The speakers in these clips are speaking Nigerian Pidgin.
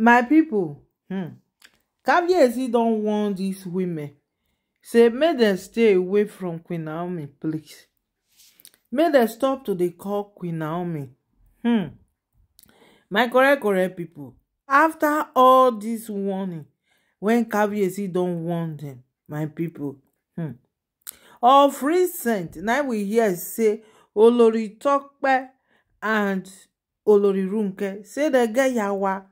my pipo hmm caviarcy don warn dis women say make dem stay away from queen naomi place make dem stop to dey call queen naomi hmm my correct correct pipo after all dis warning wen caviarcy don warn dem my pipo hmm of recent na we hear say olori tope and olori runke say dem get yawa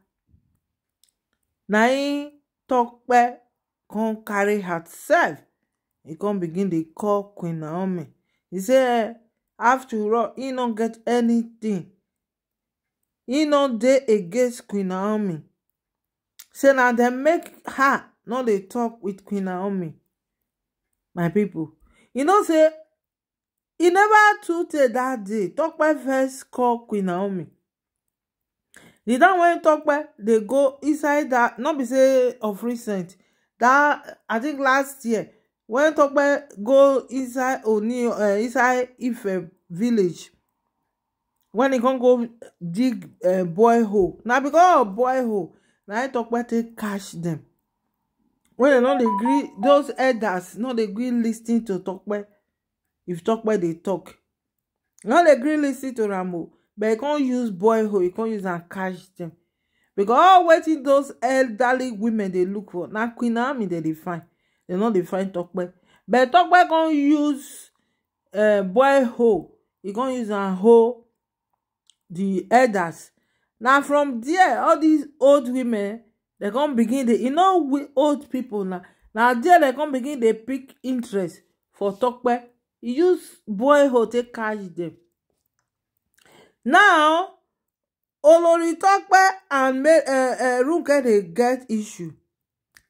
na him tope come carry herself e come begin dey call queen naomi e say after all e no get anytin e no dey against queen naomi say na dem make her no dey tok with queen naomi my pipo you know say e never too tey dat day tokpe first call queen naomi the time when tope dey go inside that not be say of recent that i think last year when tope go inside oni uh, eh, inside ife village when e come go dig uh, boy hole na because of boy hole na im tope take catch them when dem no dey gree those elders no dey gree lis ten to tope if tope dey talk no dey gree lis ten to am o but you can't use boyhood you can't use am catch dem because all oh, waiting those elderly women they look for now. Queen Naomi dem dey find dem no dey find Tope but Tope come use uh, boyhood e come use am hoe the elders Now from there all these old women they come begin dey you know we old people now. Now there they come begin They pick interest for Tope e use boyhood to catch them. now oloritope and eh, eh, runke dey get issue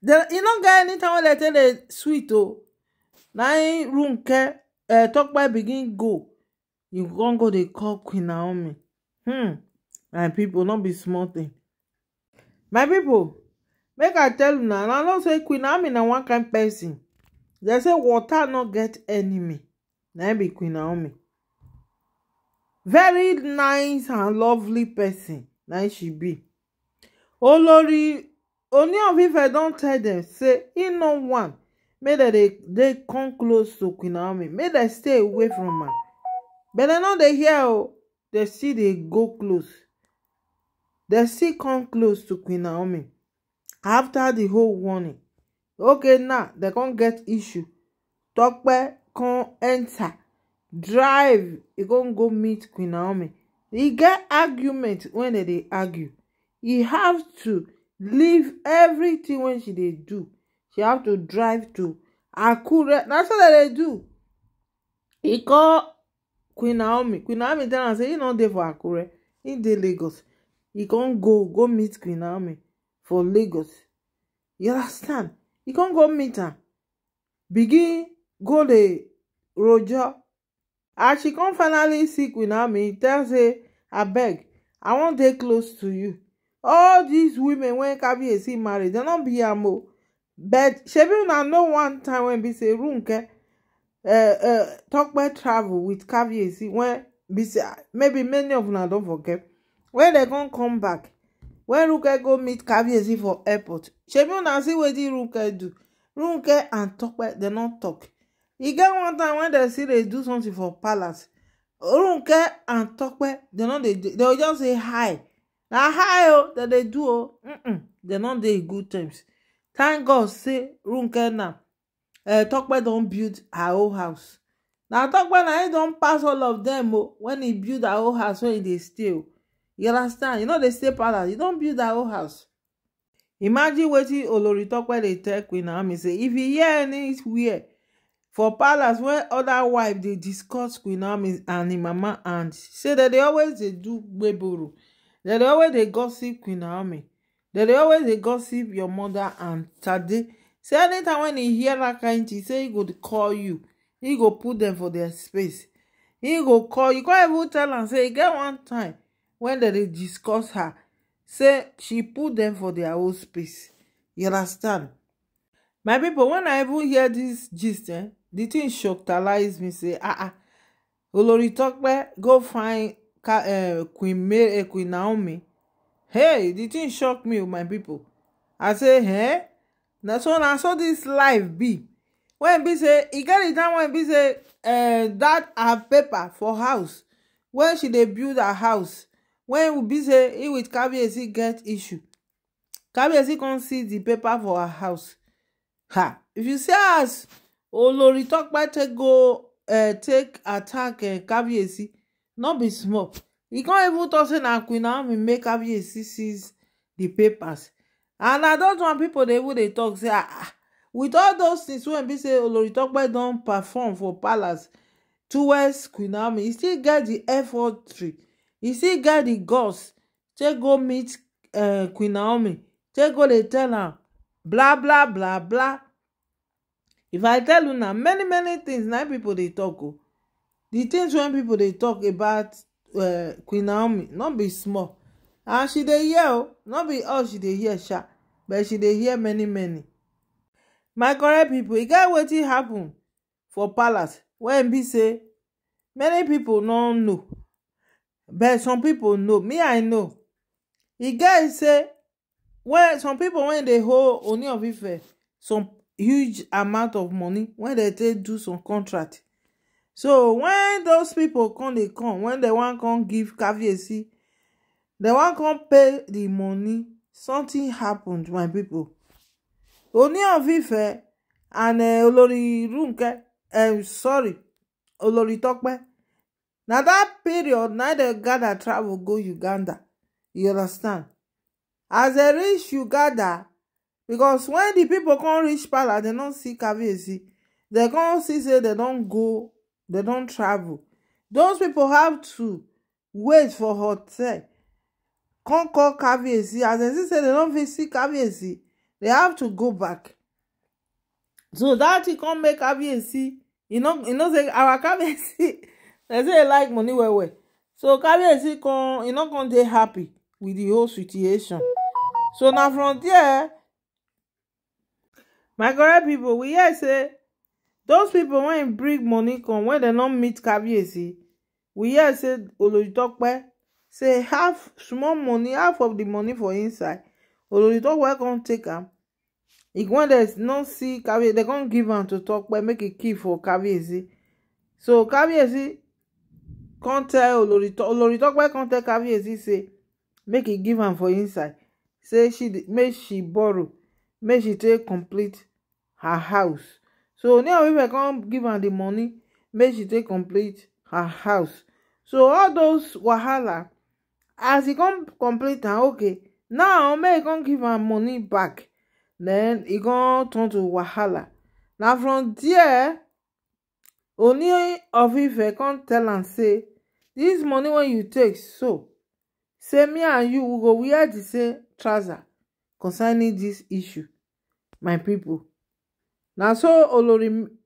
e no get anytin wey dem take dey sweet o oh. na im runke eh, tokpe begin go you con go dey call queen naomi hmm my pipo no be small tin my pipo make i tell una and i know say queen naomi na one kain pesin dem say water no get enemy na im be queen naomi very nice and lovely person na she be olori oni of ife don tell dem say e no want." make dem dey dey come close to queen naomi make dem stay away from am but dem no dey hear o dem still dey go close dem still come close to queen naomi after the whole warning okay now dem come get issue tope come enter drive e con go meet queen naomi e get argument wen dem dey argue e have to leave everything wey she dey do she have to drive to akure na so dem dey do e call queen naomi queen naomi tell am say e no dey for akure e dey lagos e con go go meet queen naomi for lagos you understand e con go meet am begin go dey rojo. as she come finally see queen naomi tell say abeg i wan dey close to you all these women wey kabiyesi marry dem no be am o but shebi una know one time wey be say runke uh, uh, tope travel with kabiyesi when be say maybe many of una don forget when dem come come back when runke go meet kabiyesi for airport shebi una see wetin runke do runke and tope dem no talk e get one time when dem see dey do something for palace orunke and tope dem no dey dem just say hi na hi o dem dey do o dem no dey good terms thank god say runke na eh, tope don build her own house na tope na him don pass all of dem o when he build her own house wey e dey stay o you understand you no dey stay palace you don build her own house imagine wetin olori tope dey tell queen naomi say if he hear anywhere for palace when other wife dey discuss queen naomi and im mama and say dem dey always dey do gbeboro dem dey always dey gossip queen naomi dem dey always dey gossip your mother and tade say anytime when e hear that kind thing say e go call you e go put dem for their space e go call you come even tell am say e get one time when dem dey discuss her say she put dem for their own space you understand my people, when i even hear this gist eh the thing shockalize me say ah ah olori tope go find ka uh, queen May, uh, eh, queen naomi hey the thing shock me o oh, my people i say eh na so na so this life be when be say e get the time when be say uh, eh, dad have paper for house when she dey build her house when be say he with kabiyesi get issue kabiyesi come see the paper for her house ha if you see as olori tope take go take attack caviarcy not be small He con even tok say na queen naomi make caviarcy seize the papers and na those one people dey even dey talk say ah, ah with all those things wey be say olori tope don perform for palace towards queen naomi He still get di effortry He still get the guts take go meet eh, queen naomi take go dey tell am bla bla bla bla if i tell una many many things na people dey talk. o the things wey people dey talk about eh, queen naomi not be small and she dey hear o not be all she dey hear sha but she dey hear many many my correct pipo e get wetin happen for palace wen be say many people no know but some people know me i know e get say when some people wey dey hold oni of ife some huge amount of money wen dem take do some contract so when those people come they come When they want come give e caviarcy they want come pay the money something happened my people. oni of ife and eh, olori runke um, sorry olori tope na dat period neither dem gather travel go uganda you understand as dem reach uganda because when the people come reach palace they don't see caviarcy They come see say They don't go They don't travel those people have to wait for hotel come call caviarcy as dem see say dem don fit see caviarcy dem have to go back so that thing come make caviarcy you know say our caviarcy They say e like money well well so caviarcy come e no come dey happy with the whole situation so na from there my correct people! we hear say those people when bring money come when they don meet caviarcy we hear say olojitope say half small money half of the money for inside olojitope come take am when dem not see caviarcy They come give am to talk tope make e keep for caviarcy so caviarcy can't tell oloritope can't tell caviarcy say make e give am for inside say she make she borrow make she take complete her house so oni of ife come give am the money make she take complete her house so all those wahala as e come complete am okay now make e come give am money back then e come turn to wahala na from there oni of ife come tell am say this money wey you take so say me and you we go wear the same trouser concerning this issue. my pipo. na so olorim.